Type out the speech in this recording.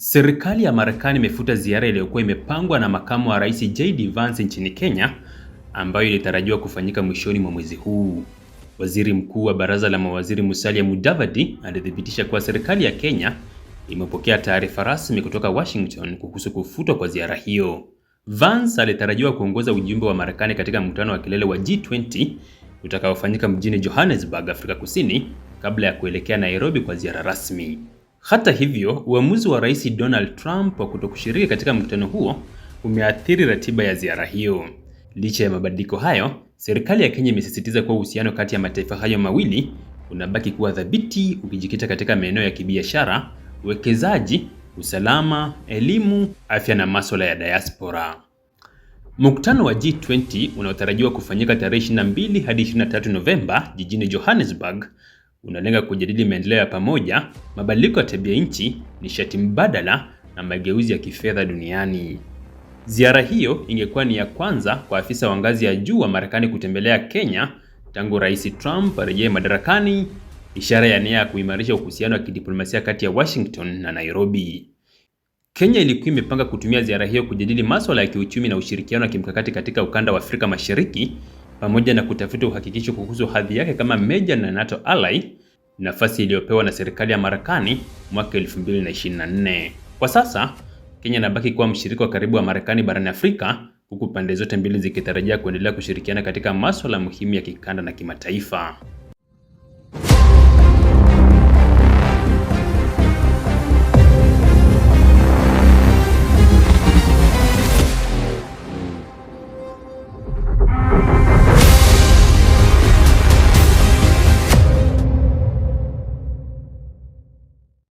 Serikali ya Marekani imefuta ziara iliyokuwa imepangwa na makamu wa rais JD Vance nchini Kenya ambayo ilitarajiwa kufanyika mwishoni mwa mwezi huu. Waziri Mkuu wa Baraza la Mawaziri Musalia Mudavadi alithibitisha kuwa serikali ya Kenya imepokea taarifa rasmi kutoka Washington kuhusu kufutwa kwa ziara hiyo. Vance alitarajiwa kuongoza ujumbe wa Marekani katika mkutano wa kilele wa G20 utakaofanyika mjini Johannesburg, Afrika Kusini kabla ya kuelekea Nairobi kwa ziara rasmi. Hata hivyo, uamuzi wa Rais Donald Trump wa kutokushiriki katika mkutano huo umeathiri ratiba ya ziara hiyo. Licha ya mabadiliko hayo, serikali ya Kenya imesisitiza kuwa uhusiano kati ya mataifa hayo mawili unabaki kuwa thabiti, ukijikita katika maeneo ya kibiashara, uwekezaji, usalama, elimu, afya na masuala ya diaspora. Mkutano wa G20 unaotarajiwa kufanyika tarehe 22 hadi 23 Novemba jijini Johannesburg unalenga kujadili maendeleo ya pamoja, mabadiliko ya tabia nchi, nishati mbadala na mageuzi ya kifedha duniani. Ziara hiyo ingekuwa ni ya kwanza kwa afisa wa ngazi ya juu wa Marekani kutembelea Kenya tangu Rais Trump arejee madarakani, ishara ya nia ya kuimarisha uhusiano wa kidiplomasia kati ya Washington na Nairobi. Kenya ilikuwa imepanga kutumia ziara hiyo kujadili masuala ya kiuchumi na ushirikiano wa kimkakati katika ukanda wa Afrika Mashariki pamoja na kutafuta uhakikisho kuhusu hadhi yake kama meja na NATO ally, nafasi iliyopewa na serikali ya Marekani mwaka 2024. Kwa sasa Kenya inabaki kuwa mshirika wa karibu wa Marekani barani Afrika, huku pande zote mbili zikitarajia kuendelea kushirikiana katika masuala muhimu ya kikanda na kimataifa.